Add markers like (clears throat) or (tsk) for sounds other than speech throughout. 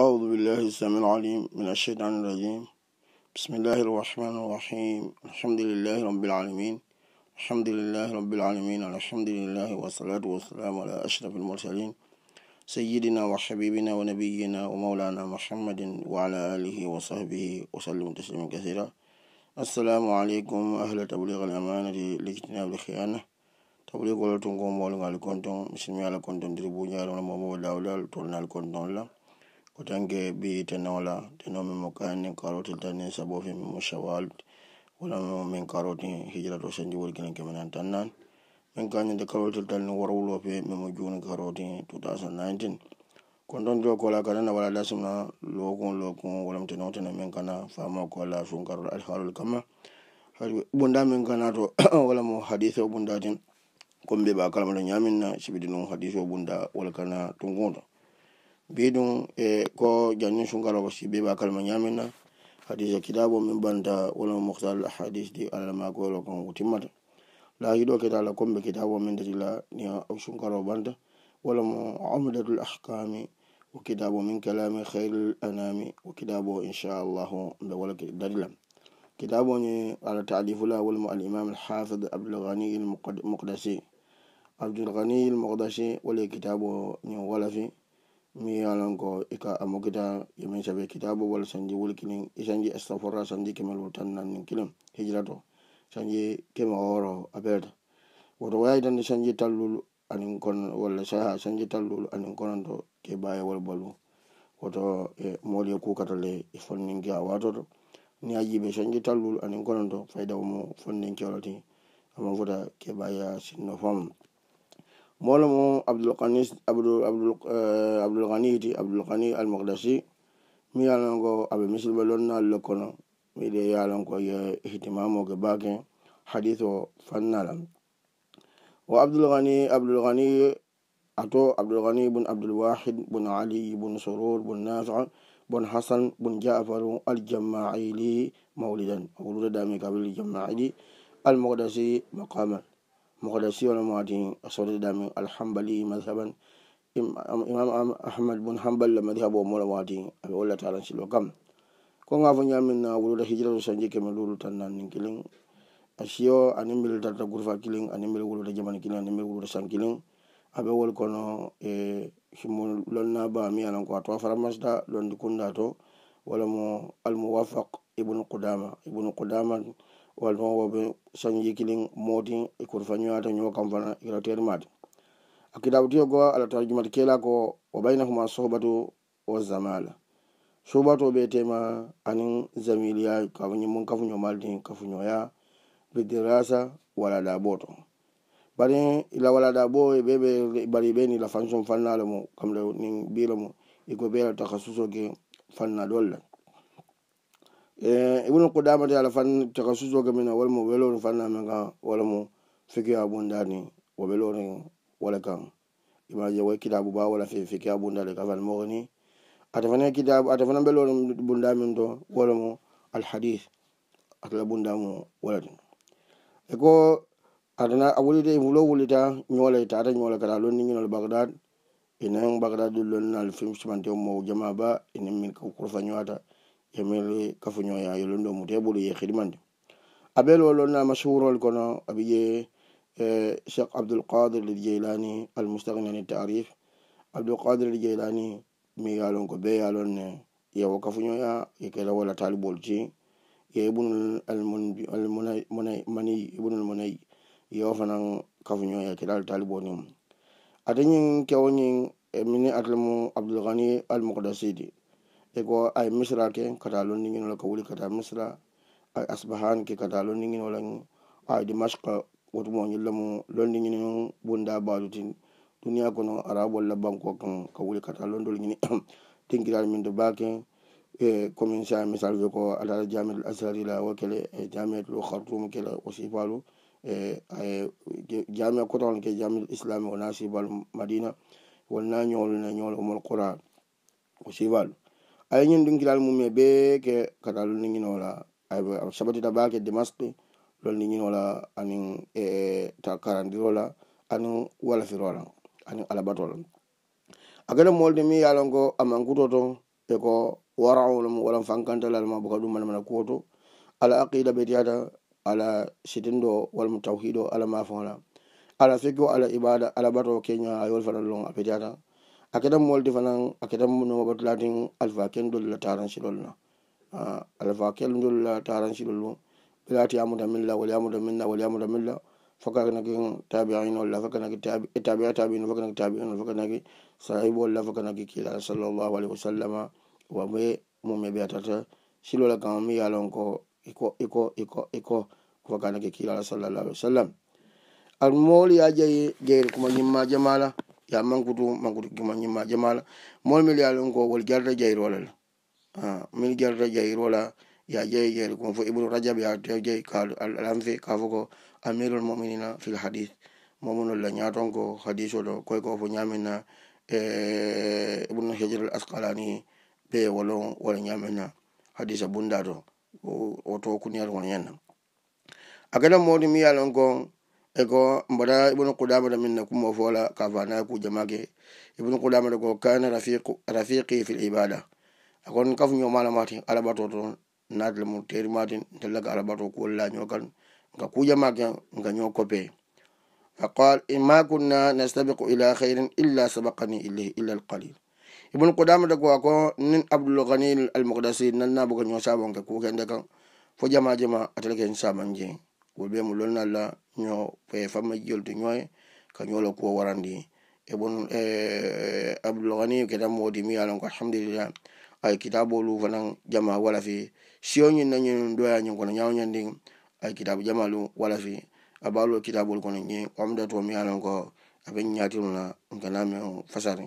أعوذ بالله السميع العليم من الشيطان الرجيم بسم الله الرحمن الرحيم الحمد لله رب العالمين الحمد لله رب العالمين الحمد لله والصلاة والسلام على أشرف المرسلين سيدنا وحبيبنا ونبينا ومولانا محمد وعلى آله وصحبه وسلم تسليما كثيرا السلام عليكم أهل تبليغ الأمانة لاجتناب الخيانة تبليغ ولتنكم ولغا لكنتم مسلمي على كنتم تربو جارون مومو داولا تولنا لكنتم الله ko tanke bi tenola tenomi mo kani karoti tani sabofi mi mo shawal wala mi mo min karoti hijra to sendi wol gina kemen an tannan min kani de karoti tani waro wulo pe mi mo juni karoti 2019 ko don jo kola kana wala dasuna lokun lokun wala mi tenota na min kana fama kola sun karol al halul kama bunda min kana to (coughs) wala mo hadiso bunda tin kombe ba kalma do nyamin na sibidinu hadiso bunda wala kana tungoto biɗum e ko jannin sungaraba si be ba kalma ñamina hadise kitabu min banta wala moftal hadis di alal magoro kon ko timmata la yiɗo ketala comme kitabu min datila ni sungaro banta wala mo amdatul ahkami wo kitabu min kalami khairul anami wo kitabu inchallahu mbe wala dadila kitabu ni ala ta'lifula wala mo al-imam al-hafid abdul ghani al-muqaddasi abdul ghani al-muqaddasi wala kitabu ni wala fi mi yalango ika amogita yemi sabe kitabu wala sanji wulkinin isanji estafora sanji kemelu tan nani kilin hijirato sanji keme oro abeta woto wayi tande sanji tallul anin kon wala saha sanji tallul anin kononto ke baye wal balu woto e moliye kukatale e fonninki a watoto ni ajibe sanji tallul anin kononto fayda wumo fonninkiolati amafota ke baye sinno fam moolo mo abdulkanis abdulganiti eh, abdulgani al mukdasi mi yalonko aɓe misilɓe lonnal lo kono miɗe yalonko ye hitimamoge bake hadith o fannala wo abdulgani abdulgani ato abdulgani bun abdulwahid bun aliy bun sorur bun nafa bon hasan bun jafaru al jamaili mawlidan owuludadami kabil jamaili al mukdasi maqaman mukhalasiyona mati asodi dami alhambali mazhaban imam ahmad bun hambal la madhabo mola mati aɓe walla talan silo kam ko gafo ñamin wuluda hijrato sanji keme lulu tan nanni kiling asiyo ani mbil tarta gurfa kiling ani mbil wuluda jamani kiling ani mbil wuluda san kiling aɓe wol kono e himu lonna ba mi anan ko a towa faramasda londi kunda to wala mo almuwafak ibnu qudama ibnu qudama walma woɓe sañji kilin mooti e koto fañoyata ño kam fana ila terimade akitabu tiyo go ala tarjumat kela ko o baynahuma sohbatu o zamala sohbatu ɓe tema anin zamiliya kafuñi mun kafuñomaldi kafuñoya be dirasa wala dabo to bari ila wala dabo e ɓeɓe bari ɓe ni la fanson fannala mo kam le nin biro mo iko ɓe la takasuso ke fanna dolla Eh, ibunu ko damata ala fan caka susoke mina walamo welori fannamen kan walamo fiki abundani wo welori wala kan imaje wa kitabu ba wala fe fiki abundani ka fani mogni ata fana kitabu ata fana belori bundamin to walamo alhadis atala bundamu wala din eko atana awulite imulo wulita nyola e ita e ata nyola kata lonni nyola bagdad inan e bagdad lonna alfim shimante mo jama'a ba inin min ko kurfa nyota yemel kafuñoya yolundo mu teɓolu ye xidmande aɓelolo nama suurol kono aɓi ƴe e, cheikh abdoulqadir li jeylani almustaginani tarif abdoulqadir li jeylani mi yalon ko ɓeyalon ne yewo kafuñoya ye kela wala taliɓol ti ye ibnumanibnul monay yewo fanan kafuñoya kelal taliɓonimu ataying kewoñing e mini atlemu abdoulgani almukdasidi ego ay misra ke kata lo ningin wala ko wuli kata misra ay asbahan ke kata lo ningin wala ay dimashq wotu mo nyi lamu lo ningin bunda badutin duniya ko no arabo la banko kan ko wuli kata lo ndol ngini (clears throat) tingira min do bake e komensa misal ko ala jamiat al azhar ila wakale e jamiat al khartoum kala o sifalu e ay jamiat ko ton ke jamiat al islam o nasibal madina wala nyol na nyol mo al qur'an o sifalu ay ñandun kilal mum e ɓeeke kada lol ni ñinola aa sabatita baake demasɓe lol ni ñinola anin e, e ta karandirola anin walafirola anin alabatola agada molde mi yalonko amankuto ton e ko waraolam wala fankantalalma boka ɗum manamana kuwoto ala aqida ɓe tiyata ala sitindo walamo tawhido ala mafola ala fekio ala ibada alabato keña yolfanallon a ɓe tiyata akedam molde fanan akedam nomabatulatin alfaken dolla taransilol na alfaken dolla taransilol o ɓilati amudamilla wali amudamilla wali amudamilla fokanake tabiinolla fokanake tabi tabino fokanake tabino fokanake sahibolla fokanake kilala salllahu alayhi wasallama wame mume ɓeatata silola kam mi yalonko iko iko iko iko fokanake kilala salllahu alayhi wasallam almoolu yajayi geyri kuma ñimmajamala ya mangudu mangudu gima ñimma jamala mol mil yaalon ko wol jarda jayi rolal min jarda jayi rola ya jeyi jeyi kom fo ibnu rajab ya tew jeyi ka alamfe ka fo ko amirul muminina fil hadith momunol la ñaton ko hadis o ɗo koy ko fo ñamina e ibnu hijr al asqalani ɓe wolon wala ñamina hadisa bunda to o to kuniyat won yenna agadan modi mi yaalon kon eko mbada ibnu qudama da minna kumo fola ka fana ku jamake ibnu qudama da ko kana rafiqi rafiqi fil ibada akon kaf nyo mala mati ala bato to nadle mu teri mati dalaga ala bato ko la nyo kan ga ku jamake ga nyo kope faqal imma kunna nastabiqu ila khairin illa sabaqani ilayhi illa alqalil ibnu qudama da ko ko nin abdul ghani al muqdisi nan nabu ga nyo sabon ga ku ga ndaka fo jama jama atalaga insa manje wolɓe mo lolni allah ño poye fammajiyol to ñoye ka ñoolo kuwa warandi e bon e, e, abdoulgani kedan moodi mi yalon ko alhamdulillah ay kitabolu fanan jama wala fi siyoñin nañinon doyañin kono ñawñandi ay kitabu jamalu wala fi a baalo kitabol kono ñi amda to mi yalon ko aɓe ñatiruna ganame fasari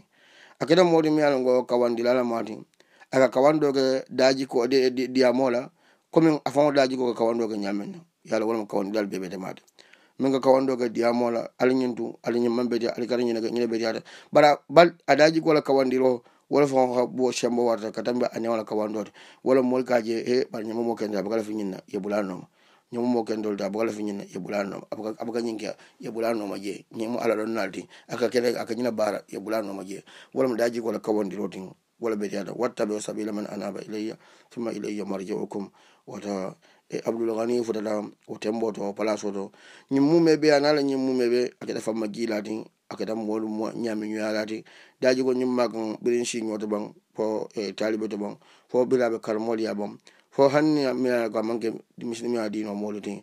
a kedan moodi mi yalon ko kawandilalamati aka kawandoke daji ko diyamola commin afano daji ko ka kawandoke ñamenna yo allah wonmo kawan dal bebede maɗa min ka kawan ɗo ka diyamola alañin tu alañin mambeete alikarañinaka ñina beeteyata bara bal adaji kola kawandiro wala fo ha bo sembo warta ka tambe ane wala kawandote wala molkaje e bar ñamomo kendol abakala fi ñinna ye bulannoma ñamomo kendol da bakala fi ñinna ye bulannoma abaka ñinkea ye bulannoma je ñamo ala ɗon nalti aka kene aka ñina baara ye bulannoma je wala mo daji kola kawandiro tin wala beeteyata wattaɓe sabila man anaba ilayya summa ilayya marjeukum wata e abdoul gani fotata o tembo to place to ñim mumeɓe anala ñim mumeɓe akeɗa famma jilati akeɗa molu ñami ñoyalati daji ko ñimma kan ɓirin signo to ɓan fo e talibe to ɓan fo ɓiraɓe karmoliya ɓan fo hanni miaka manke misilmia dino molu ti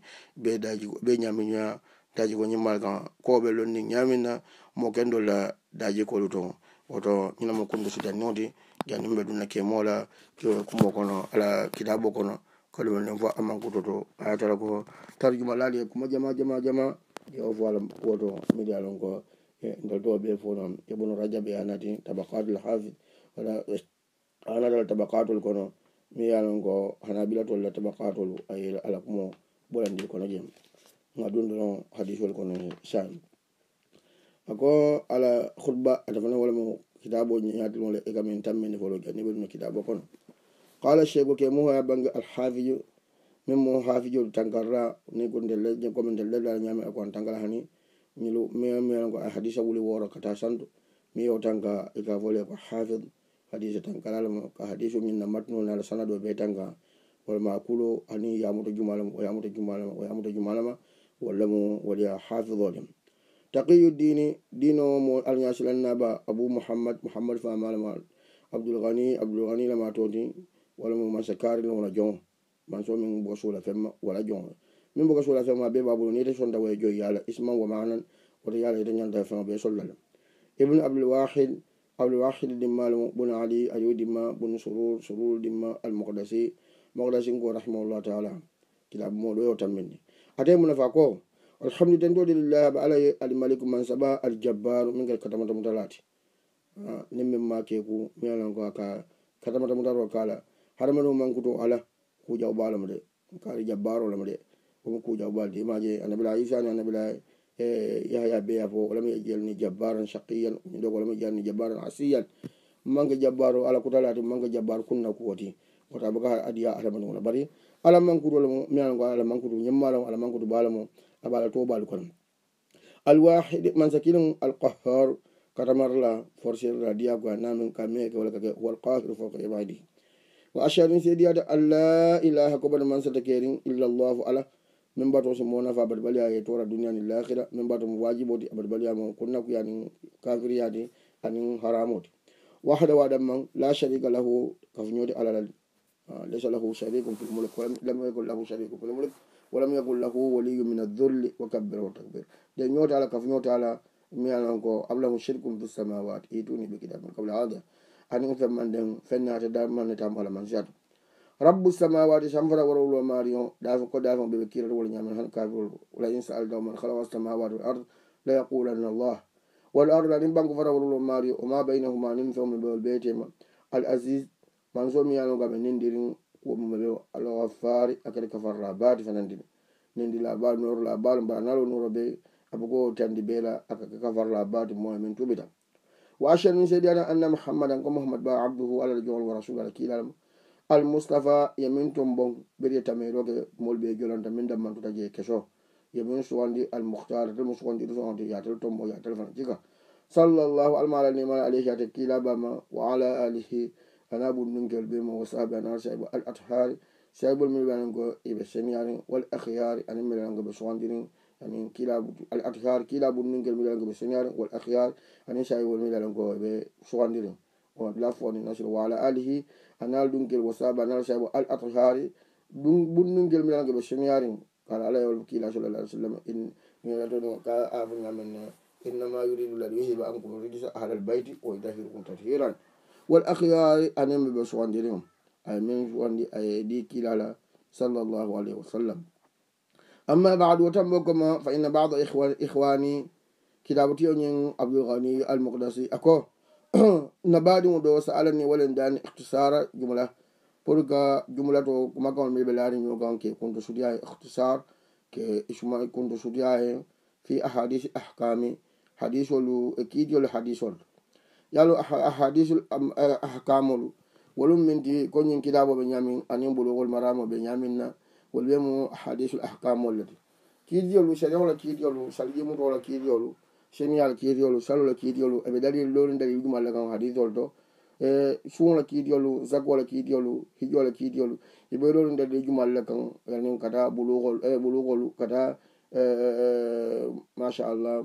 ɓe daji ɓe ñami ñoya daji ko ñimmal kan koɓe lonni ñamina mo kendolla daji kolu to woto ñinamo kundu sitannoti janimɓe ɗum na ke mola kumo kono ala kitabo kono kalimal nen fo aman kutoto ayatara ko tarjuma laali e kuma jama jama jama yo voilà woto midi alon ko ngal to ɓe fo noon yeɓuno radiaɓe anati tabakatul hafid wala e anadal tabakatul kono mi yalon ko hana ɓilatol la tabakatol ay ala kumo ɓolandi kono jeem ga dundo non hadisol kono e sani ako ala khutba atafana wala mo kitabo ñatimole e kamin tammini folo janiɓeɗuno kitabo kono kala sheko ke muha bange alhafijo min mo hafijo tangarra ni ko nde lede komi nde ledal ñame ko an tangara hani ñilu mimiyan ko a hadisa wuli woro kata santo mi yo tanka ika e fole ko hafid hadisa tankaralamo ka hadisu min na matno nala sanado be tanka walma kulo ani yamuto jumalama o yamuto jumalama o yamuto jumalama walla mo waɗiya hafidolem taqiyu dini dino mo alñasilannaba abou mouhammad mouhammad famalama abdoul gani abdoul gani lama toni wala mo masa kari wona jon man so min boga sola femma wala jon min boga sola femma be babu ni de sonda way joy yala isman wa manan wata yala de nyanda e femma be sollal ibn abdul wahid abdul wahid dimmal bun ali ayu dimma bun surur surur dimma al muqaddasi muqaddasi ko rahimahullah taala kitab mo do yotam min ade mun fa ko alhamdulillah do lillah ba ala al malik man saba al jabbar min gal katamata mutalati ah, nimmi ma ke ku mi alan ko ka katamata mutalati kala haɗama ɗo mankuto ala kuja ubalam de kari jabbarolam de omo kuja ubalde maje annabila isani annabila e yahya beya fo olami e jalni jabbaran shakiyan ñidoko olami e jalni jabbaran asiyan manke jabbaro ala kutalati manke jabbaro kunna kuwoti wota baka adiya alamanuna bari ala mankuto lamo miyanago ala mankuto ñammalamo ala mankuto balamo abala tobalu kon alwahid mansakino alqahar katamarla forcerla diyagoa namin kameke wala kake walqahiru foke ibadihi wa ashadu seedi yada an la ilaha koɓada mansata kerin illallahu ala min mbato somo nafa abadbaliya ye tora duniya ni lahira min mbato mo wajiboti abadbaliya mo ko naku yanin kafir yadi anin haramoti wahada waɗan man la sharika lahu kafuñode alalal ah, laysa lahu sharikum fi lmulk lam yakun lahu sharikum fi lmulk walam yakun lahu waliyu min adhulli wa kabbirahu takbir de ñootaala kafuñootaala miyanan ko ablahu shirkum fi samawat ituni ɓe kitabe qable hada hanin femman nden fennate darmane tamala man sat rabbu samawati samfata warowlo mari o dafo ko dafo ɓeɓe kirata wol ñaman han kafir wala insaal dawman halawa samawati wal ard la yaqulanna allah wal ardla nin banko fata warowlo mari o ma baynahuma nin fewme ɓewol beetema al asis man somiyanogamen nindirin kuɓumeɓe alwaffari akadi kafarra baati fenandine nindi labal norlabal mbaranalo noro be aɓa ko tandi beela akaka kafarla baati moye min tuɓitam wa ashhadu an sayidina anna muhammadan ko mouhamad ba abduhu alah jogol wa rasul allah kiilal mo almoustapha yamin tom bon ɓeɗi e tameroke molɓe e jolanta min dammantuta je keso yamin sugandi almoutartel mo sugandi ɗosoante yatel tombo yatel fana cika sallllahu almala nima alayhi ate kiila bama wa ala alihi ana ɓundunkel be mo wasaabe ana saibo al athari saibol mil ɓe anango eɓe seniyari wal ahyari anin mbele anango ɓe sugandirin anin kilabul al-athyar kilabul ningel mi lango be senior wal akhyar anin shay wol mi lango be suwandire o la foni nasir wa ala alihi anal dungel wasaba nal shay al athyar dun bunungel mi lango be senior kala ala yol kila sallallahu alaihi wasallam in mi lato no ka abu ngamen innama yuridu la yuhi ba ankum rijsa ahl al bayt wa yadhhiru kum tadhiran wal akhyar anin be suwandire ay men wandi ay di kilala sallallahu alaihi wasallam amma badu watambogoma fa ina bado ihwani kitabuti oñin abdulgani almukdasi ako (clears throat) na badi ŋo ɗo sa alani walendani ihtisara jumla pour que jumla to kumakaol mi ɓelari ñogan ke kunto sutiya he ihtisar ke ma kunto sutiya he fi ahadis ahkami hadisolu e kiitiyolu hadisol yalo ah, ahadisul eh, ahkamolu wolum minti koñin kitaboɓe ñamin anin ɓologol maramoɓe ñamin na wol wiyamo ahadisul ahkam wallati kiidiyolu sariola kiidiyolu sarjimutola kiidiyolu semiyal kiidiyolu salola kiidiyolu eɓe dalil lorin dali ɗum allah kam hadisol to e suola kiidiyolu zagola kiidiyolu hijola kiidiyolu eɓe lorin dali ɗum allah kam yani kata bulugol e ɓulugolu kata e, e, e, machallah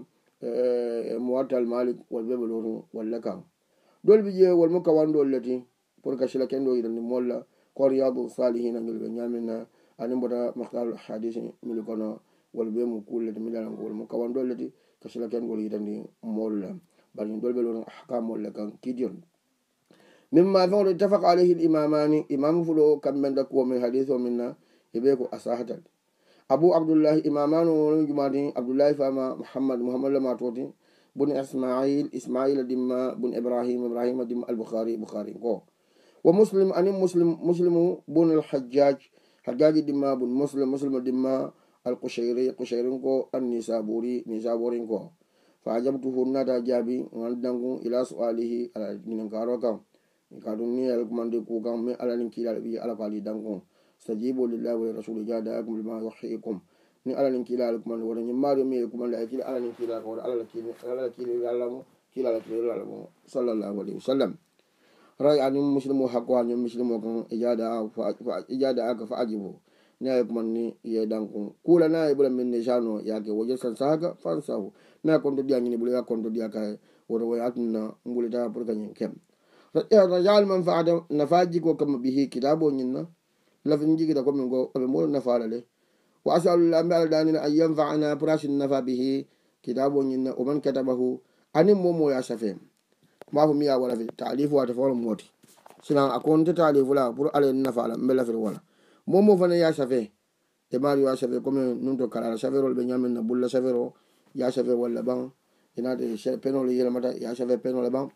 mowattal malik wol weɓe lorin walla kam dolɓi ƴe wolmo kawanɗo ollati pour que sila kenɗo yiɗani molla ko riyadu salihina gel ɓe ñamina aniŋ bota maktal hadisi milu kono wolu be mu kuulu leti milala nkuulu mu kawan doolu leti ka sila kendi wolu yitandi moolu la bari ñiŋ doolu be loonu ahkamoolu le kaŋ kiidiyon min ma feŋolu itafaka alayhi l imamani imamu fulo kambenta kuwo min hadiso min na i e be ko asahatal abu abdullahi imamanu wolu jumati abdullahi fama muhammad muhammad la matoti buni ismail ismaila dimma buni ibrahim ibrahima dimma albukhari bukhari ko wo muslim aniŋ muslim muslimu bunu lhajaj haggaji dimma bun muslim muslimo dimma alkushayri kushayrin ko an nisaburi nisaburin ko fa ajabtu hunnata jaabi ngaldangu ila soalihi ala ninkaro kam kadum ni alkumande kukam mais ala nin kila ɓi ala ko ali dangu stajibu lillahi wali rasuli jadaakum lima yuhikum ni ala nin kila ala kumande wore ñimmaɗo mi kumande a kila ala nin kila kowore alaalakilalamo kila ala kilalamo sallallahu alayhi wa sallam rawi ani muslim o hakko ha ñom muslim o kan ijada a ijada a ka fa aji bo ne ay kuman ni ye dan kun kula na ay bula min ne jano ya ke wo jesan sa ka fa sa ho na kon to diya ñini bula ya kon to diya ka wo rawi at na mbuli ta pur ka ñin kem ya da yal man fa adam na fa ji ko kam bihi kitabo ñin na la fin ji ko min go ko mo na fa la le wa asalu la mbal dan ni ay yanfa ana prashin na fa bihi kitabo ñin na o man katabahu ani mo mo ya safem mbafo mi ya wala fe talifu wata fawala moti sina a konte talifu la pour ale nafala mbela fe wala mo mo fane ya chafe e mari ya chafe comme nunto karara chafe rol be nyamen na bulla chafe ro ya chafe wala ban ina de peno le yela mata ya chafe peno le ban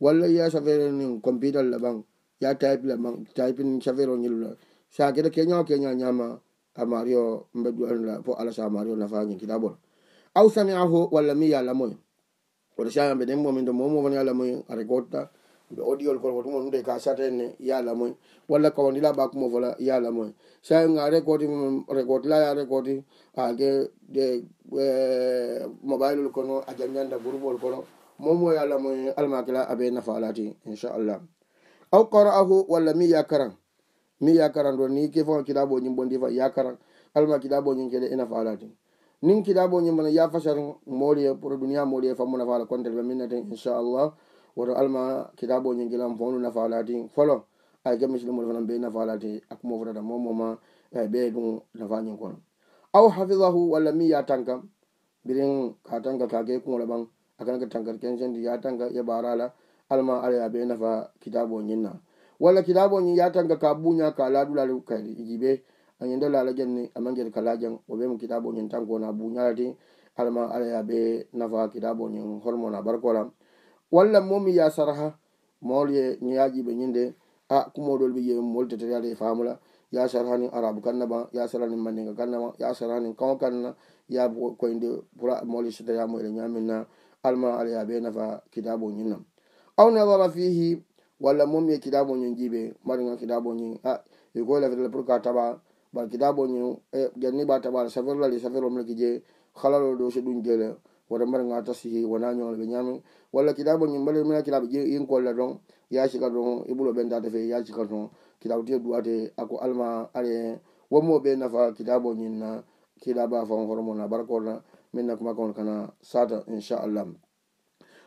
wala ya chafe ni computer le ban ya type le ban type ni chafe ro nyilu la sa gede kenya kenya nyama a mario mbedu la po ala sa mario na fanyi kidabo au samiaho wala mi ya lamoyo oɗo sa ɓe den momin to momo won yalamuy ara gotta ɓe odiol kol kotumo ɗumde ka sata enne yalamuy walla kawandila ɓakumo fola yalamuy saga rekoti rekoti laya rekoti age de mobailol kono a jamjanda groupeol kono momo yalamuy almakila aɓe nafa alati inchallah aw kara ahu walla mi yakaran mi yakaran ɗo ni ke fo kiɗaɓoñin bondifa yakaran almakiɗaɓoñin keɗe e nafa alati nin kitabu nyi mana ya fashar moriye pour duniya moriye fa muna fala kontel be minna tan Allah woto alma kitabu nyi gilam fonu na fala din folo ay gam shi mo fana be na fala tin ak mo fota mo moma ay eh, be dum na fanyin kon aw hafizahu wala mi ya tanka birin ka tanka ka ge kun laban akan ka tankar ken di ya tanka ya barala alma ala ya be na fa kitabu nyi na wala kitabo nyi ya tanka ka bunya ka ladula lu kai igibe ayende lala janni amajel kalajan obemo kitaboñin tankona buñalati alama alaya be nafa kitaboñin holmona barkola walla momi ya saraha mawol ye ñayajiɓe ñinde a kumoɗol ɓe yeyi molte teyade e famula ya sarahani arabe kannaba ya sarahani mandinga kannaba ya sarahani kawo kanna ya koyde pour mawle sitayamo ele ñaminna alma alaya be nafa kitaboñinna aw nadara fihi walla momi ye kitaboñin jiɓe mbaɗiga kitaboñin a yikoylafetal e pour ka taɓa ba kitabo ñu eh, janni ba taba safero lali safero mle kije halalo do se dun jele wara mbare nga ta sihi wana ñol be ñami wala kitabo ñu mbare mina kitab je yin ko la don ya ci ka don ibulo ben ta te fe ya ci ka don kitab te duate ako alma ale wamo be na fa kitabo ñin na kitaba fa hormo na barko na minna kuma kon kana sada insha Allah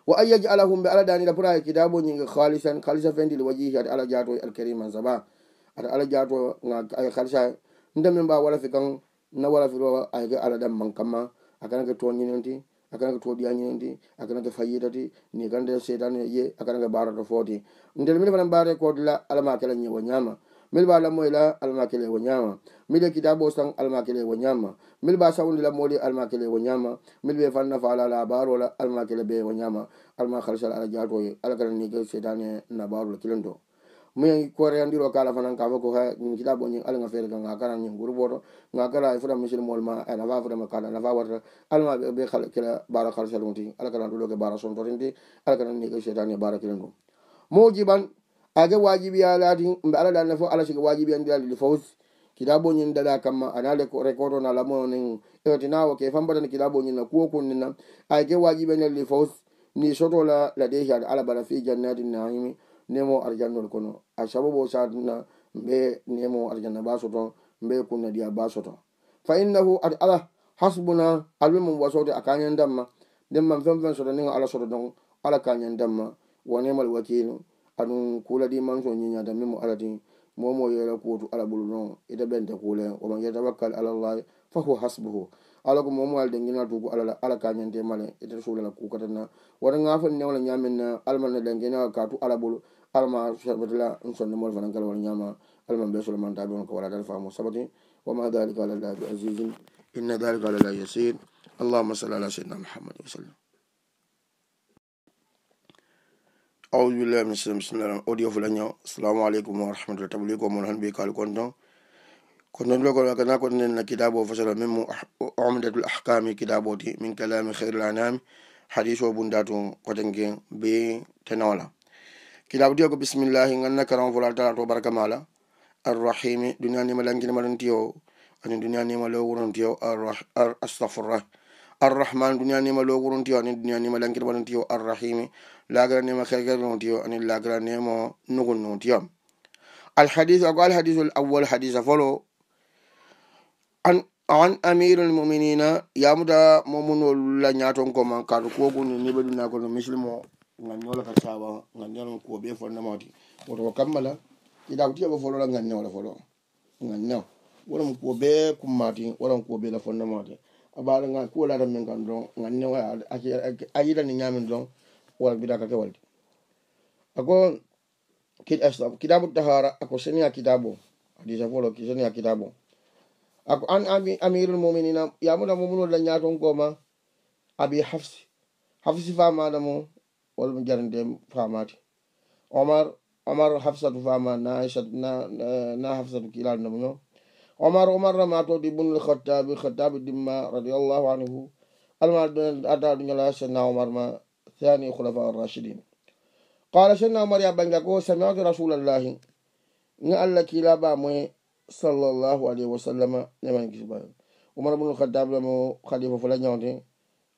wa ayya ja'alahum bi ala dani la pura kitabo ñin khalisan khalisa fendi li wajihi ala jato al karim zaba ala jato nga ay khalisa ndemin ba wala fi kan na wala fi roba a ga ala dan man kama a kana ka tonyi ne ti a kana ka todi anyi ne ti a kana ka fayi ti ni kan da shedan e ye a kana ka bara to foti ndel mi fana bare ko dilla ala ma kala nyewo nyama mil ba lamoy la ala ma kala wo nyama mil e kitabo san ala ma kala wo nyama mil ba sawun la moli ala ma kala wo nyama mil be fanna fa ala la baro la ala ma kala be wo nyama ala ma khalsal ala jato ye ala kana ni ga shedan e na baro kilendo muyangi koreyandiro kala fana kafo ko ha kita bo ñing alanga feere ka nga kara ñing guru boto nga kara e fota monsieur mol ma a nafa fota ma kala nafa warta alama be be xal kila bara xal salung ti ala kana dulo ke bara son torin ti ala kana ni ke shetan ya e bara kilen dum mo jiban age wajibi ya lati mbe ala dal nafo ala shiga wajibi andi dal fawz kita bo ñing dala kama ana le rekordo na la mo ning etina wo ke fambata ni kita bo ñing na kuwo kun ninna age wajibi ne li fawz ni soto la la deja ala bara fi jannatin na'imi nemo arjannol kono a sababo satna be nemo arjanna baso ton be kunnadiya baso ton fa innahu ad ala hasbuna alwemum wasode a kañan damma ndemman fen fen soto nio ala soto don ala kañan damma wa nemal wakilu aɗum kuladi manso ñiñata mimo alati momo yera kuwotu ala ɓolu non ita ɓente kuule oman ye tawakkal alallahi fahuwa hasbuhu ala ko momo alde gina tugu alala ala kañante male ita suulala kukatana wata gafa newala ñamin na almanna dangenaa katu ala ɓolu alma sabatila n sɔnni mɔli fana kala wala ɲama alma bɛɛ sɔrɔ man tabi ko wala dal faamu sabati wa ma dhalika ala lahi azizin inna dhalika ala lahi yasir allahumma salli ala sayyidina muhammad wa sallam أعوذ بالله من الشيطان بسم الله أوديو فلانيا السلام عليكم ورحمة الله وبركاته ومرحبا بك على كونتون كنتم لكم كنا كنا إن كتاب وفصل من عمدة الأحكام كتابوتي من كلام خير الأنام حديث وبنداتهم قتنجين بتناولا kilabu tiyogo bisimillahi ganna karam fola tala to barka mala arrahimi duniya nima lankinima lontiyo ani duniya nima lo wurontiyo astafura arrahman duniya nima lo wurontiyo ani duniya nima lankinima lontiyo arrahimi lagra nima kergere nontiyo ani lagra nimo nugun nontiyo alhadis ago alhadisu alawal hadisa folo an amiru lmuminina yamuta momunolula ñaton koma kato kuwogunni nibe dunakono muslim o ngañolaka saba ngañolama kuo ɓe fonnamati woto ko kammala ida ko tiyaɓa folola ngañnewla folo ngañnew wonomo kuo ɓe kummati wonomo kuo ɓela fonnamati abaɗa kuo laata min kan don ngañnew a yirani ñamin don wala ɓitaka kewalde ako kitabu tahara ako senia kitabu adisa folo senia kitabu ako an amirul muminina yamuna mumunolla ñaton koma abi hafsi hafsi famaɗa mo walla ɓe jarande famati omar omar hafsatu fama na aishatu na na hafsatu kilalnamo ño omar omar ramatoɗi ibnul khattabi khattabi dimma radiallahu anhu almaɗo addaɗu ñala senna omar ma thani khulafa rachidin qala senna omar ya ɓanga ko samitu rasulallahi ni allah kilaɓa moye sallallahu alayhi wa sallama nemankisiba omar ibnul khattabi lamo khalifa fula ñawde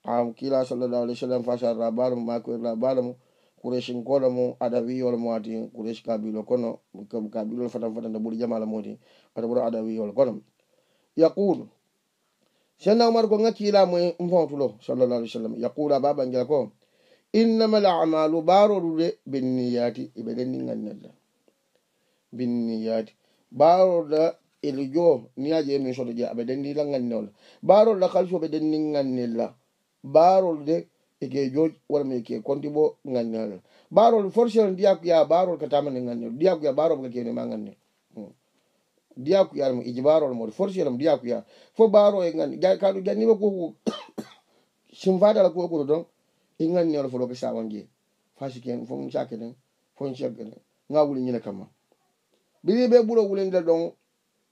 am kila sallallahu alayhi wa sallam fasal rabaru mako ir rabaru mo kureshin kono mo adawi wol mo ati kuresh kabilo kono kam kabilo fatam fatam da buri jamala modi ato buri adawi wol kono yaqul sanna umar go ngakila mo e mbontulo sallallahu alayhi wa sallam yaqul baba ngel ko innama al a'malu baro dude binniyati ibe denni ngannalla binniyati baro da el jo niaje en so de abe denni langannol baro da kalso be denni ngannilla barol de eke joj wonami e ke konti bo gañnaɗon barol forcére ndiyakuya barol katamane gañne ndiyakuya barol kakene ma gañne hmm. ndiyakuyaɗm iji barol mode forcére m ndiyakuya fo baro e gañne kaɗo ƴanniɓe koko (coughs) sim fadala ko okoto don e gañnelo fo loke sawan jee fasiken fo cakeden fo cakeden ga wuli ñine kamma biri ɓe ɓuuro wulindel ɗon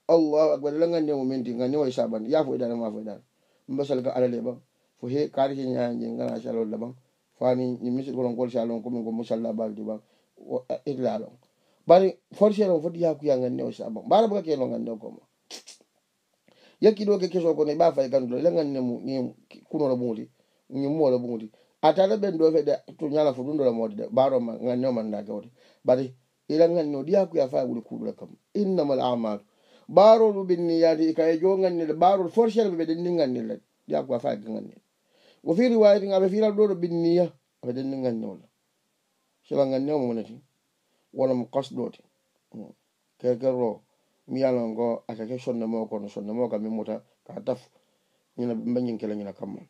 allahu akbar la gañne mo menti gañne wa sabande yafo e ɗane mafo e ɗane mbasalka alaleɓam fo he karke ñaje gana calol daban fami misgolon gol calon komin gomo salla balde ban irlalon bari forcelon foti yakuya gandi e o sabo bara boka kelo gandi e o koma (tsk) yakki ɗo ke keso ko ne ɓa fay gandulo le gandi mu ñi kunoro ɓuuti ñi muworo ɓuuti atala ɓen ɗo fede to ñala fo ɗum ɗo lamode de baro ma gandi o manda gewde bari ila gandi o ɗi yakuya fa wuli kuɗura kam innama lamadu baro ɗu ɓinni yadi kaye jo gandi le baro forcel ɓeɓe ɗen ndi gandi le yakuya fa e gandi le go fii riwayati ga ɓe fiilal ɗo hmm. ɗo binniya aɓe denni ganñewla sila ganñewo mumneti wona mo kasɗote kekerro miyano ngo atake sonne mo kono sonne mo ka mi muta ka taf ñina mbañin kele ñina kamma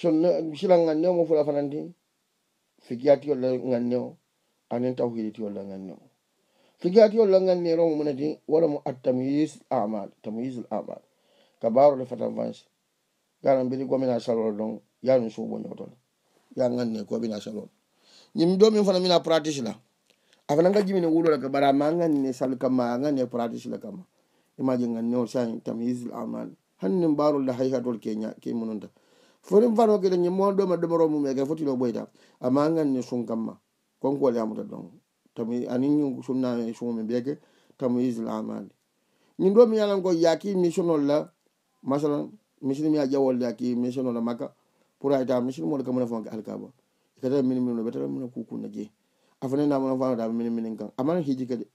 sonne sila ganñewo mo fula fananti fikiyatiyolle ganñewo anin tawhiditiyolle ganñewo fikiyatiyolle ganñero mumneti wona mo attamyis amal tamyisl amal ka baro le fatan vance yaran biri gomina salol ɗon yarum suɓoño ton ya ganne gomina salol yim do min fana mina pratice la afananga jimine wulola ka bara ma ganne sal kamma a ganne pratice la kamma imaji ganne o san tamhisel amal hannin barol da hayhatol keña ke mununta fotim fanokeɗe ñim mon ɗoma ɗomoro mum eke fotilo ɓoyta amma ganne sum kamma konkoole amuta ɗon tam anin sumnam e sumumi beke tamhisel amal ñin ɗo mi yalan ko yaki missionol la masalan misin mi a jawolde aki mission ola makka pour ayta misin moɗo kamone fonke alkaba e kata min min ɓe tata mina kukunna je afane namono fanodaɓe min minen kan amana hiji kadi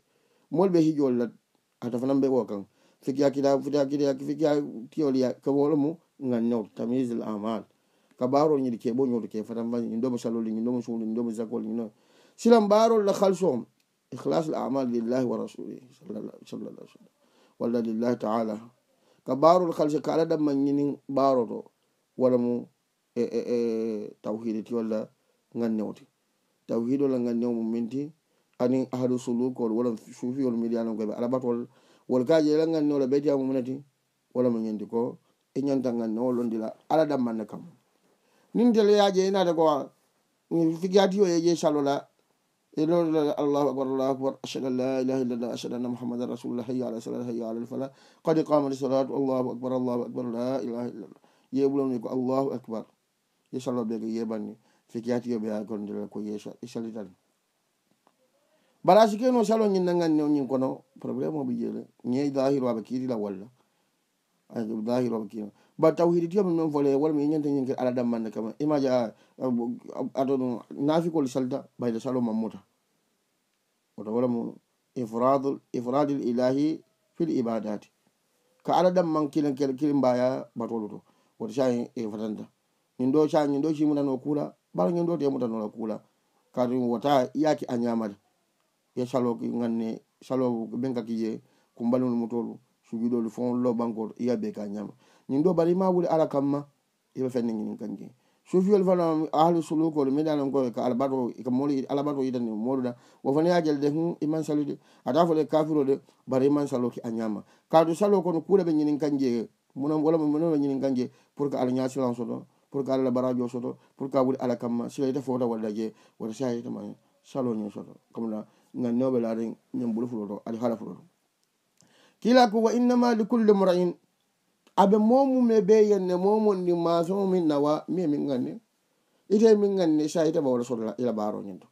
molɓe hijiol lat ata fanan ɓe o kan fiki akida fiakida aki fiki a tiol ya kewolo mu gannewt tamisel amal ka barol ñiɗi keɓo ñoto ke fatan fa ñi domo salolli ñi domo suuli ñi domo sakolli ñino silam barol la xalis om ihlas l amal lillahi wa rasuli sallallah sallam walla lillahi taala ka barol kalse kala ɗam mayinin baroto wala mo e, e, e, tawhide ti walla gannewti tawhide walla gannew mo minti ani ahadu sulukol wala sufiol miɗianokoɓe alaɓatol wala kajela gannewla ɓeytiamumneti wala mo ñandi ko e ñanta gannewol londila ala ɗammanne kam nin tel yaje inata e ko figatiyo yeje salola bala sike no salo ñinnaganne o ñin kono probléme oɓe jeele ñe dahiroaɓe kiirila walla dahiroaɓe kiirila ba tawhidi tiya mumen volé walla mi e ñanta ñingel ala dammande kama image a aɗon nafikol salda bayde salo mammuta oto wala mo ifradul ifradil ilahi fil ibadati ka ala damman kilakel kili mbaya batolu to woto sa e fatanta ñin do sa ñin do simutano kuula bala ñin do te mutanola kuula kadu wota yaaki a ñamata ye saloki ganne salo ɓenkakije kumbalinol mutolu sujudol fon lo bankoto iya be ka ñama ñiŋ do bari ma wuli ala kamma ibe fenni ñinin kanke sufiyol fana ahlu sulukol medanan koye ka alabato ka mol alabato yitani molu da wo fana ya jel de hun hmm, iman salu de ata fo le kafiro de bari iman salo ki a ñama kaatu salo kono kuure be ñinin kanje muna wala muna be ñinin kanje pour que ala ñasilan soto pour que ala la barajo soto pour que a wuli ala kamma sila ita fota wala je wata sa yitama salo ñin soto comme na nga newbe laari ñam bulu fuloto ali hala fuloto kila ko wa innama li kulli mrain aɓe momume be yenne momonni masomo min nawa mie min ganne ite min ganne saite bawara sodaila baroñinto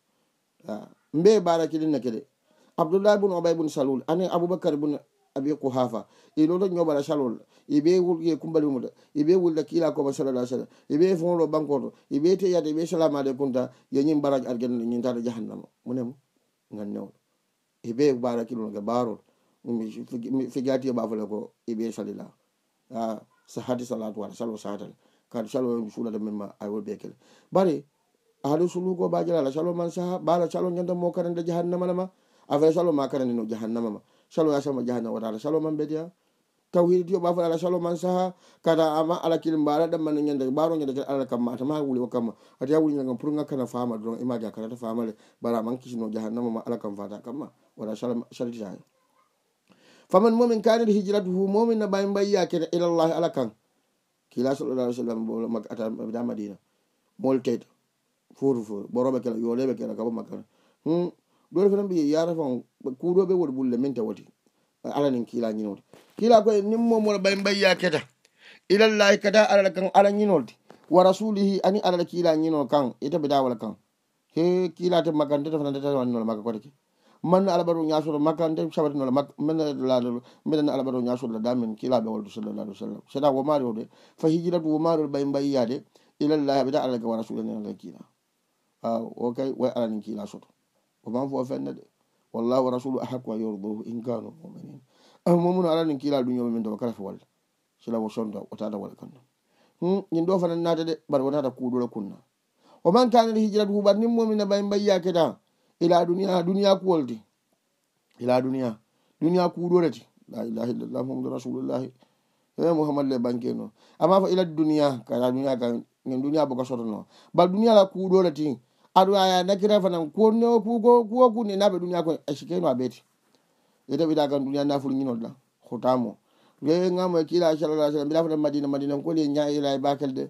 mbe barakilinne kede abdoulah bun obay bun salul ani aboubacar bun abi ko hafa iloto ñobala salol ibe wulge kumbalimuda ibe wulla kila koma salalah sallam ibe fonro bankoto ibe teyata ibe salamade kunta yeñin baraj argenne ñintata jahannama munemo gannewo ibe barakilunoke barol figatiye bafale ko ibe salilah hade salatu waɗa salo satal kade salo suulata min ma awol bekele bari haade suluko bajala ala salo man saha bala salo gandamo karande jahannama lama afaya salo ma karande no jahannama ma salo yasama jahannama wata ala salo man betiya tawhide tiyo ɓa fota ala salo man saha kata ama ala kil mbaɗa ɗamman ñande mbaro ñande kel alala kamma atama ha wuli o kamma ati ha wulinagam pour gakkana fama don imaji a kanata famale bara aman kisino jahannama ma ala kam fata kamma wata salitita faman momin kanir hijratu hu momin na bami mbayiya kene ilallahi ala kan kila sala lah sallam da madina molteyta fotu fo ɓoroɓe kela yoleɓe kela kabo makkana hmm? ɗo fe nanɓe yara fan kuɗoɓe woɗi ɓulle min tawati alanin kila ñinote kila koye nin momoɗa ɓay mbayya keta ilallahi kada alal kan ala ñinolde wa rasulihi ani alal kila ñino kan itaɓe dawala kan he kila te makkan tetafanadetawannol makka kotake manno alaa ɓaɗo ñasoɗo makka nde sabatinola makka minenlaɗo minen alaa ɓaɗo ñasoɗo damin kilaɓe wolto sallallah alih w sallam seeɗa womari o de fa hijiratu womari ɗo ɓay mbayiyade ilallahi aɓeta alahka wa rasulanenala kiila a o kay way alani kiila soto oman fo fenne de wallahu wa rasulu ahaku a yordohu in kanu muminin ah, momuno alani kiilal ɗuñoɓe min dowa kala fo walla sila wo sonda o tata waɗa kanno hmm, ñin ɗo fanan naata de baɗa wonata kuuɗula kunna oman kanen hijiratu huɓat nin momina ɓay mbayiya keda ila duniya duniya ku woldi ila duniya duniya ku ɗoreti lailah illallah muhamadu rasulullahi e muhammad le banke no amma fo ila duniya kaa duniya ka gen duniya boka sotono ba duniya la ku ɗoreti aɗu aya nakira fanan kuwonno kuko kuwo kunni naɓe duniya ko asikeno e a ɓeeti ete ɓita kan duniya nafur ñinolla hotamo e gamo kila salalah salam mbila fanan madina madina kole ña ila e, e bakel de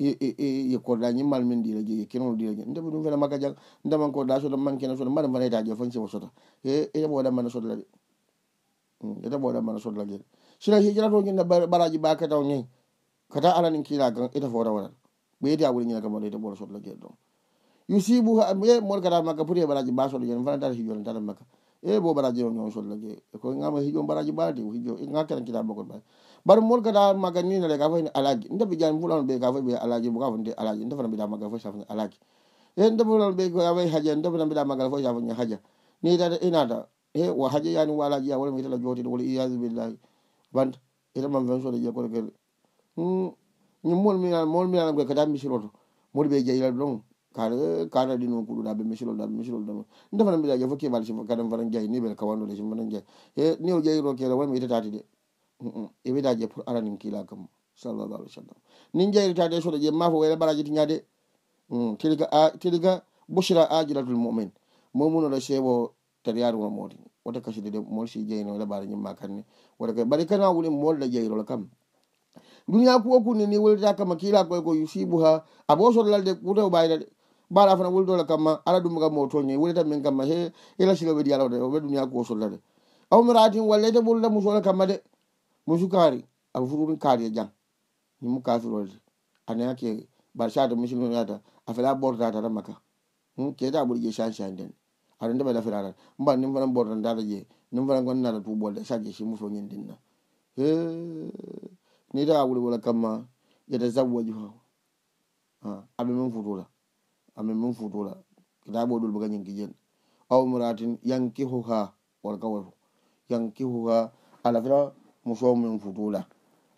yekkoɗa ñimmal min ɗiloji yekkinono ɗiloji ndeɓe ɗum fene makka jang ndema ko ɗa soɗa mankina soɗa mbaɗa mbaɗa taƴo fan sewo sota ete ɓoɗammana soɗlaɗe hmm, ete ɓoɗammana soɗlaɗeɗe sina hijrato ñinde baraji ɓa kataw ñayi kata alanin kila gan ete fota waɗat ɓeyete a wuɗi ñina kamaɗo ete ɓoɗa soɗlaɗeɗe ɗon yusibu e moɗo kata makka pour e baraji ba soɗla jeɗe fana tata hijoɗe tata makka e bo baraji o ñoon soɗlaje ko gama hijo baraji ɓaɗe hijo ga kenan kila makkoɗe ɓaɗe bar molgata maganinare ga fone alaji ndeɓe jani mbulano ɓe ga foy ɓe alaji mo ga fonde alaji ndefana mbiɗa magal foy safane alaji e ndeɓulano ɓe ga foy haja ndefana mbiɗa magal foy safane haja ni tata inata e wo haja yani walaji ya wala mi tala jootiɗo wala iyadu billahi bande etamam vensode je kotokel ñi molminan molminanam koy kada misiroto moɗi ɓe jeyira ɗon kaɗa kaɗa ɗi noon kuɗuɗa ɓe misiroɗa ɓe misiroɗa ndefana mbiɗa je fo keɓal si kadam fana jeeyi ni ɓele kawanɗo de simbana jeeyi e ni o jeyiro kele wala mi itatati de ewidaje pour aranin kilakam sallallah alih w sallam nin jayritade soɗo jemma fo wene mbaraji tiñade mm, tiriga a tiriga bouchira ajiratul mumin momuno ɗo sewo tariyaru o modi wota kasidede mol si jeyno labare ñimma kanne wota ko bari kana wuli molɗo jeyrol kam duniya kuwo kunni ni wolita kamma kila koy ko yusibu ha abo sollalde kutao ɓayda de ɓaɗa fana wolidola kamma ala ɗum kam mo toñoy wolita min kamma he ela sigaɓedi alawde oɓe duniya kuwo sollade awmi ratin wallete ɓolda musola kamma de mo sukari aɓe fu ɗumi kaari e jang yimu kafirode anayake barsade musilmata a fela ɓordata ta makka keta ɓuri je sansande aɗa ndeɓa lafirata mba nim fana ɓordandata je num fana gonnata tuɓolde sake simu fo ñindinna e nita ɓuri wola kamma ƴeta sabuwaji fa aɓe min futula aɓe min futula kita ɓoɗol boga ñinki jen aw muratin yankihu ha wala kawato yankihu ha alafira musomin futula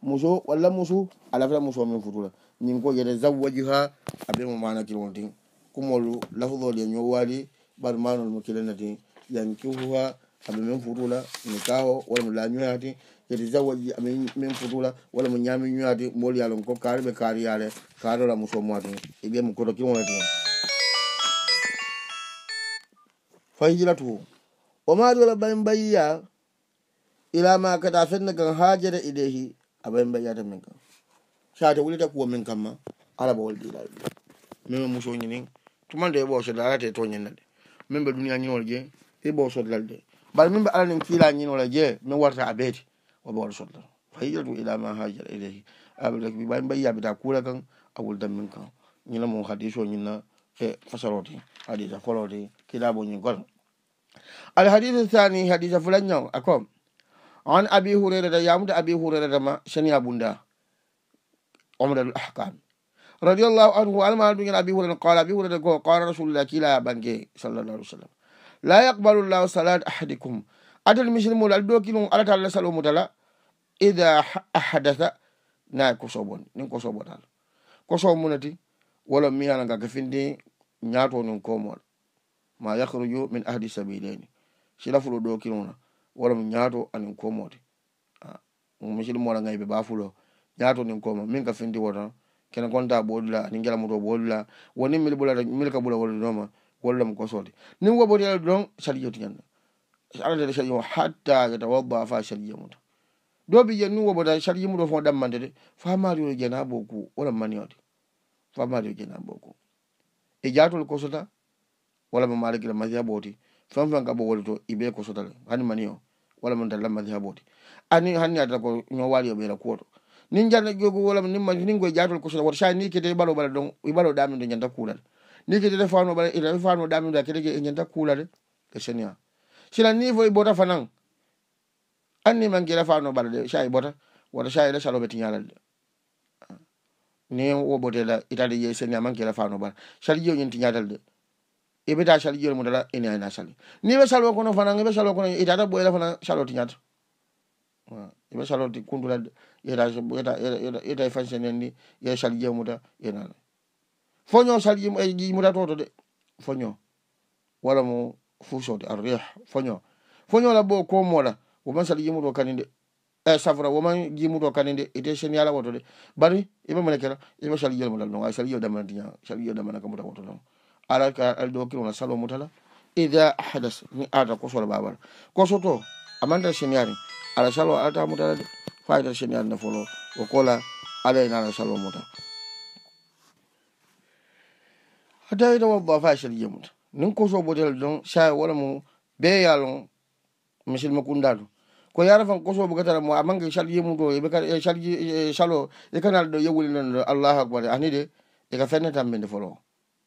muso walla musu alafta musomin futula ñin ko yete zawaji ha abe mo mana kilmo tin kumolu lafdol ye ñowali bar manol mo kilena tin yankifu ha abe min futula mi kaho wala mi lañoya tin yete zawaji ami min futula walla mi ñami ñoya tin molu yalon ko kari ɓe kari yale karola musomoa tin ibe mo koto kilmo tin fayjilatu o maɗola bambayiya ilama kata fenna gan hajere ideehi abayi mbeƴata min kam sate wulita kuwa min kam ma alaba woldila mima muso ñinin tumande e ɓosodal alate toñenna de min ɓe duniya ñinol je e ɓo sodlal de bara min ɓe ala nin kiila ñinola je min warta a beete oɓe wara sodlal fahijratu ilama hajere ideehi alabaaki ɓay mbayi yaɓita kuura kan a wuldan min kam ñina mum hadise o ñinna e fasarote hadisa kolote kiila bo ñin kono ala hadise sani hadisa fulanñaw a kom an abi hurairata yamuda abi hurairata ma ceni abunda omral ahkam radiallahu anhu almaduñal abi hurara qala abi hurara ko qala rasulullah kila bange sallallah alih w sallam la yaqbalu llahu salat ahadikum adal misilmol aɗa ɗo kilu alata allah salomutala ida ahdatha nay kosobon nin kosobotal koso munati wala miyanagaka finde ñatonin komol ma yahruju min ahdi sabilaini silafulo ɗo kiluna wala mi ñaato anin komode misil mola ngay be bafulo ñaato nin koma min ka findi wota kene gonta ɓoolula anin jalamuto ɓoolula woni mil ɓulata mil ka ɓula wolludoma wollam kosode nin woboti ala don sadiƴoti ñanna aladede sadi o hatta yeta wabba fa sadiƴamuta do bi jen nin woboda sadiƴimuɗo fo ɗammandede fa mario jena ɓoku wala maniode fa mario jena ɓoku e jaatol kosota wala mo malikila masiya ɓooti fen fen gabo wodi to ibe ko sotal hani mani o walla mon tallamma di haboti ani hani adata ko ñowali o ɓeyla kuwoto nin janna jogu wala nin ma nin goy jatol ko sota wata sa ni kete balo bala don i balo dami de ñanta e kulade ni kete de fano bala ira fano dami de kete ge ñanta kulade e senia sina ni fo i bota fanan anni man gira fano bala de sa i bota wata sa ira salo beti ñalade ni wo bote la itade ye senia man gira fano bala sa ji o ñanti ñatal de ibeta sali jol mudala ina ina sali ni be salo kono fana ngi be salo kono ita da boyela fana salo ti nyata ibe salo ti kundula ita ita ita ita e fanse nendi ya sali jol muda ina fonyo sali jol e muda toto de fonyo wala mo fuso de arriah fonyo fonyo la bo ko mola wo man sali jol muda kaninde e safra wo man jol muda kaninde ite seni ala woto de bari ibe mele kera ibe sali jol muda no ay sali jol da man ti nyata sali jol da man ka muda woto no alaaal ɗo kiwona salo mutala ida ahdas mi ata kosol babal kosoto amanta semiari ala salo alata mutala de fayita semiari nafolo o kola alayna ala salo muta hatawita wabba fa sirje muta nin koso botel don saya wala mo be yalon misilma kundado ko yara fan kosoɓe gatara mo amange sarje e e mum to ɓesarje salo e kanal ɗo yewuli nan allahu akbar ani de eka fenne tambinde folo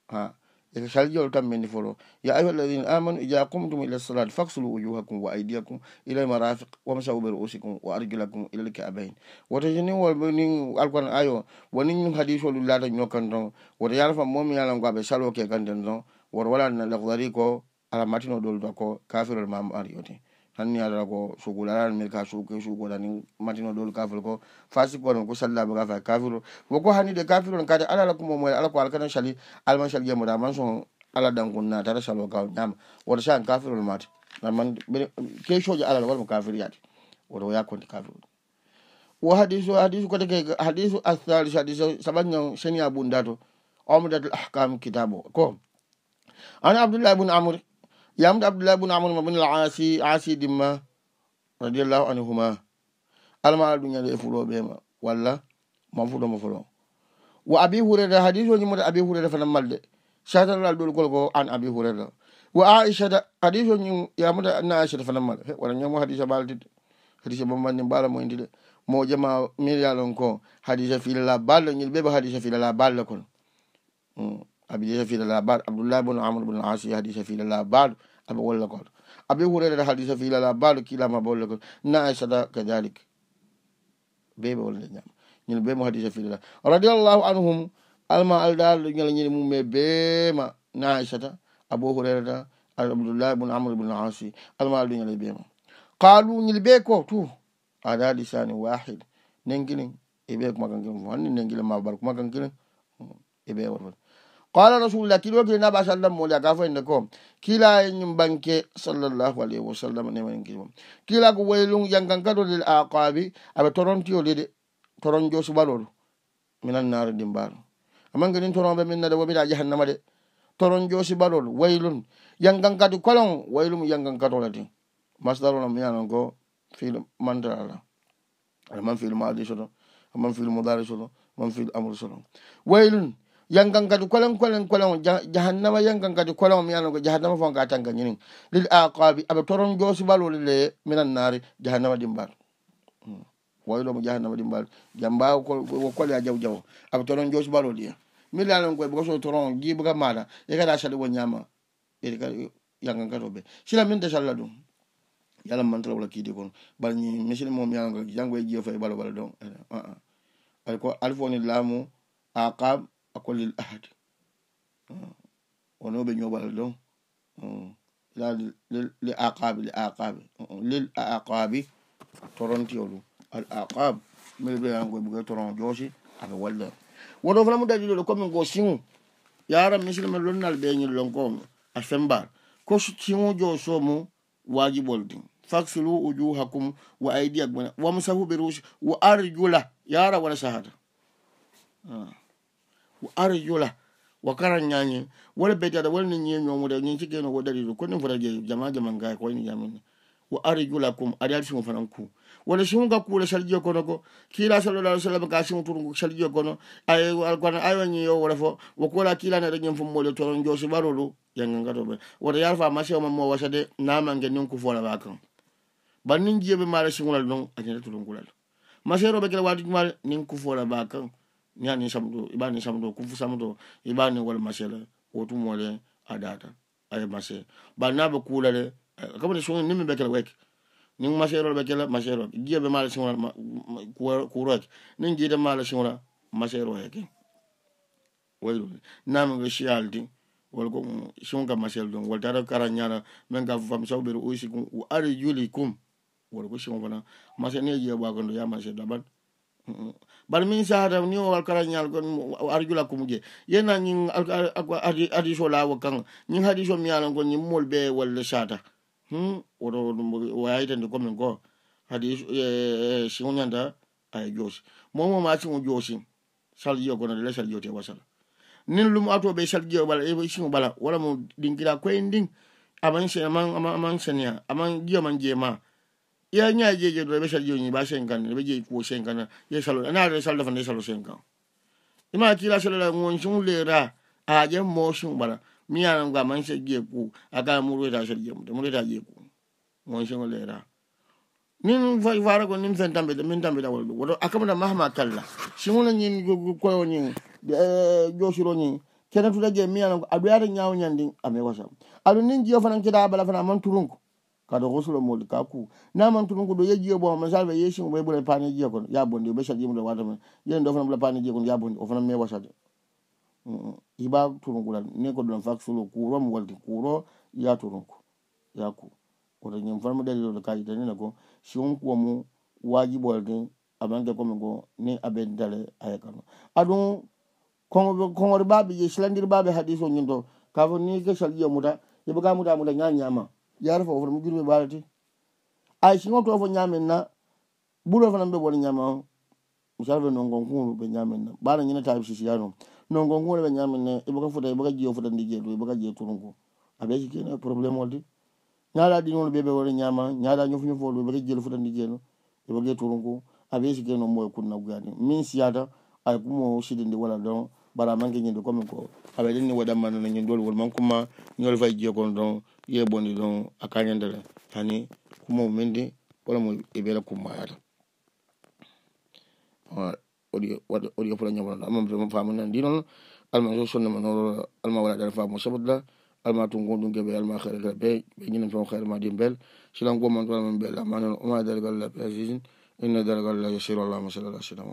ha huh? e to sarjol tan menni foto ya ayuha alladina amanu ija kumtum ila salati faksulu wujuhakum wa aidiakum ila lmarafik wamsahu be rusikum wa arjulakum ila lkabain woto jinin woni alkuran ayo wonin hadisolu lata ñokkan ton woto yarafa momi yalan ko aɓe saloke ganden ton woto walana lekdari ko alamatino ɗoldako kafirol mamo ariyoten hanni adara ko sugul ala mir ka suke sugoɗani matino ɗol kafir ko fasikone ko sallaɓe ka fa kafir woko hannide kafir on kadi ala lakumomoe ala ko alkana sali alma sal gemoɗa man son ala ɗankun natara sal o kaw ñama woto san kafir on mate nama kesoji alal walmo kafir yaade woto o yakkonde kafir on wo hadisu hadisu koteke hadisu athalis hadis saɓanñon senia ɓunda to omdat l ahkam kitabe o ko ana abdoullah ibne amre yamde abdoullah bune amadu mabin al asi asi dimma radiallahu anhuma alama ala duñade e fuɗoɓema walla ma fuɗoma folo wo abi hurada hadis oji mota abi hurada fana malde satanlal ɗol gol ko an abi hurada wo aishata hadis oji yamuta na aishata fana malde he waɗa ñamo hadisa baltide hadisa bambandi mbala moyndide mojama mil yalon ko hadisa filala balle ñil ɓeɓe hadisa filala balle kono hmm. abide safila labad abdoullah bon amadou bon asi hadi safila labad aɓe wolla goto abi hurerata hadi safila labad kilama ɓe wolla goto na aisata kadalik be ɓe wolde ñama ñande be mo hadi safila radiallahu anhum alma aldaɗo ñala ñande mum e beema na aisata abo hurerata abdoullah bon amadou bon asi alma aldo ñala beema kalu ñande be ko tu ada lisani wahid nen kinen e ɓe kumakankilen fo hanni nen kilen ma bar kumakankilen e ɓe wolfoto qala rasulullah kilo kile naɓa sallam moli aga fo enne ko kila ñum banke sallallahu alayhi wa sallam nemaninkiimo kila ko waylum yangankado lel aqabi aɓe torontiyo lede toronjo suɓalolu minan naro dimbaro amanke nin toronɓe minnade womira jahannama de toronjo suɓalol waylum yangankadi kolon waylum yangankatolade masdarono miyanon ko fil mandarala aɗa man fil madi soto aman fil mudari soto aman fil amru soto waylum yangal ngadi kolon kolon kolon jahannama yangal ngadi kolon mi yanago jahannama fo ga tan gañinin lil aqabi aɓe toron joosibalole le minan naari jahannama dimbal hmm. woyloomo jahannama dimbal jambawo kole a jaw jaw aɓe toron joosibalole ye mil yanan koy bugaso toron jibuga maala e kada sali wo ñama ei kad yangal ngato ɓe sila min desalla ɗum yalla mantala wala kiidi kon balñi misil mom yanago jango e jiyo fay balo bala don eh, ah, ah. ala ko alfoni laamu aqab akolel ahad wono ɓe ñoɓala ɗon lale aqabe le aqabe lel aqabe torontiyolu al aqabe mbeɓeyango ɓuga toron joosi aɓe walla wono fana mu dalilole comme go sigu yara misilma lonnal ɓeñil lon ko a sembar ko sigu joosomu wajibolde faxilu ujuhakum wa aidiyak wamsahu ɓe rusi wa arjula yara wala sahata uh. are yola wakara nyanyi wala beta da wala nyi nyomo da nyi cike no wadari ko ne fara je jama'a jama'a ga ko ni jamin wa arjula kum adal shi fanan ku wala shi ga ku la ko no kila sallallahu alaihi wasallam ga shi mutun ku shalje ko no ay alquran ay wani yo wala fo wa ko kila na da nyim fum mole toron jo shi barolo yangan ga to be wala yarfa ma shi mo wasa de na mangen nun ku fo la bakan bannin jibe mara shi ngulal don a jana tulun ngulal ma shi robe kala wadi mal nin ku fo la bakan ñani samdo ibani samdo kufu samdo ibani wal masela wotu mole adata aye mase banabe kulale eh, kamne sun nimi bekel wek ni maserol bekel masero giya be mala singola kurok ni gida mala singola masero yake wayru nam be shialdi wal ko mm, sun ka masel don wal tara karanyana men ka fam sawbe ru usikum u ari yuli kum wal ko sun bana masene giya ba gondo ya masel daban bara min sahata ni o alkarañal ko arjula kumje yena ñin hadis o lawo kanga ñin hadis o miyalon ko ñin mol ɓe walla sata woto wayitande komin ko hadis e, e, sio ñanta ay joosi momo ma sigo joosi salgio kono dela salgiote wasala nin lum atoɓe salgio bala e, sigo bala wala mo ɗinkira koye ndin aman sen aman aman senia aman gio man jeema ye ñaa jee jee do e ɓe sal jeoñi ba sen kan e ɓe jeyi kuo sen kan ye salo ana re sal dafa ne salo sen kan ima tira sala la ŋon sun lera a jem moo sun bala mi yana ga man se jee ku a ka muru weta sal jee mute muru weta jee ku ŋon sun lera nin fara ko nin fen tambe da min tambe da wala wala akama da mahma kala simuna nyin ko ko nyin eh josuro nyin kenatu da je mi yana ko abiyare nyaaw nyandi amewasa alu nin jiofa nan kida bala fana man turunko kada gosulo moɗi ka ku naman tunu ngu ɗo yejjiyo bo misal ɓe yesimo ɓe ɓuura pane jiya kon yabondi ɓe sadjimu ɗo wadamen jeni ɗo fana ɓula pane jiya kon yabondi o fana mewasade hiba tunu ngu ɗan ni ko ɗon faksulo kuro mo waldi kuro ya tunungu ya ku kota ñim fana mo ɗeliɗoɗo kayita nina ko siwon kuwa mu waji ɓolde amanke komi go ni abedale ayekano aɗum kogori baɓe je silandir baɓe haɗiso ñinto kafo ni ke sal jiya muta yeɓe ka muta muta ñañama yaare fo ofono mo gurɓe ɓaalete ay sigo to fo ñamen na ɓuuro fanan ɓe ɓona ñama o mi sarve nongon kuno ɓe ñamen na mbaɗa ñinetaɓe sisiya no nongon kuno ɓe ñamen na eɓoka fota eɓoka jeyo fotande jeeɗo eɓoka jeey tonko aɓeyki kene probléme olde ñaɗa ɗinono ɓeɓe wona ñama ñaɗa ñofo ñofo olɗo ɓeka jeelo fotande jeeɗo eɓoka tonko aɓeyki kene omo e kunnaggani min siyata ay kumo sidende wala don bara manke ñinde comme ko awa ɗenni waɗatmano no ñindoli wol mankuma ñol fay jeekon ɗon yeɓonde ɗon a kañandere hani kumo mende wala mo e ɓeele kummayata oɗi yopula ñamonoɗo amam famunan ndi noon alma so sonnama noro alma waɗa ɗan famu sabudla alma tun gonɗum geɓe alma xeere gal ɓe ɓe ñina ton xeere ma ɗin bel silan gomantoalma bel amanon oma e dargal la pe asisin inna e dargal la yasiru allahma sallallah sallam